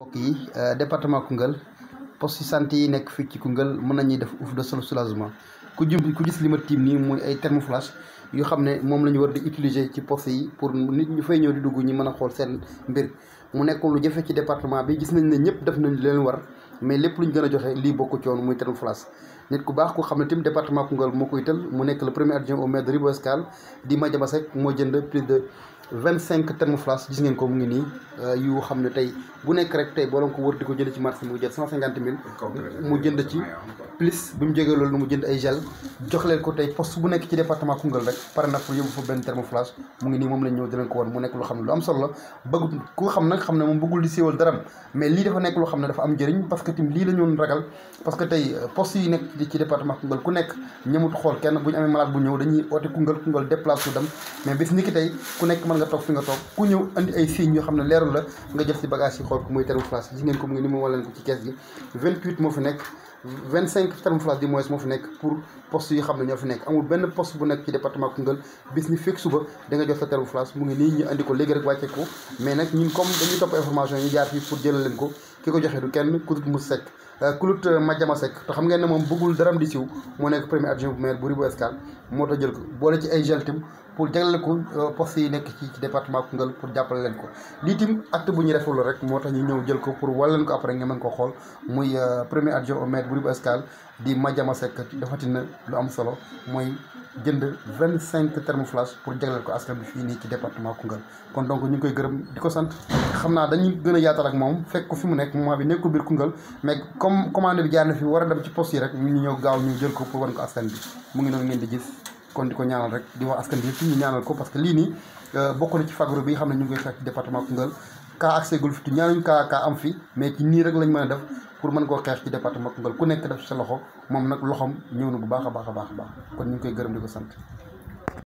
bokk yi euh, département Koungheul poste santé yi nekk fii ci Koungheul mën nañuy def ouf de soulagement ku jub ku gis li ma tiim nii muy ay yu xam ne moom la ñu war di utiliser ci poste yi pour nit ñu fay ñëw di dugg ñi mën a xool seen mbir mu nekkoon lu jafe ci département bi gis nañ ne ñëpp def nañ leen war mais lépp lu ñu gën joxe lii bokk ci woon muy thermoflash nit ku baax ku xam ne tamit département Koungheul moo ko ital mu nekk le premier adjoint au vingt cinq thermoflash gis ngeen ko mu ngi nii euh, yu xam ne tey bu nekk rek tey boo doon ko wër di ko jënd ci marché mu jënd ci plus bi mu jógee loolu mu jënd ay gel jox ko tey poste bu nekk ci département Koungheul rek pare na pour yóbbu fa benn thermoflash mu ngi nii moom lañ ñëw dinañ ko woon mu nekk lu xam ne lu am solo bëggut ku xam nag xam ne moom bëggul di siiwal dara mais lii dafa nekk lu xam ne dafa am njëriñ parce tim lii la ñoon ragal nga toog fi nga toog ku ñëw andi ay signes yoo xam ne leerul la nga jël ci bagage yi xool ko muy thermoflash gis ngeen ko mu ngi ni mu waleen ko ci kees gi 28 moo fi nekk 25 thermoflash du moins moo fi nekk pour poste yi xam ne ñoo fi nekk amul benn poste bu nekk ci département Koungheul bis ni fekk suba da jot sa thermoflash mu ngi nii ñu andi ko léegi rek wàcce ko mais nag ñun comme dañuy topp information yi jaar fii pour jëlal euh, euh, moom bëggul daram di siw moo nekk pour jagleel ko euh, postes yi nekk ci ci département Koungheul pour jàppale leen ko lii tim acte bu ñu deful la rek ñëw jël ko pour wàll leen ko après nga mën ko xool muy euh, premier adjoint au maire bu lu am solo mooy jënd vingt cinq thermoflash pour jagleel ko askan bi fii nii ci département Koungheul kon donc ñu ngi koy gërëm di ko sant xam naa dañu gën a yaatal ak moom fekk ko fi mu nekk moment bi nekkul biir Koungheul mais comme commande bi jaar na war a dem ci poste yi rek ñu ñëw gaaw ñu jël ko pour wan ko askan bi mu ngi noonu ngeen di gis kon di ko ñaanal rek di wax askan bi yëpp ñu ñaanal ko parce que lii nii euh, bokk na ci fagaru bi xam ne ñu ngi koy xeex ci département Koungheul kaa accès gul fi ñaanuñ kaa am fi mais ci nii rek lañ mën def pour mën koo xeex ci département Koungheul ku nekk def sa loxo moom nag loxom ñëw na bu baax a baax a baax a baax kon ñu ngi koy gërëm di ko sant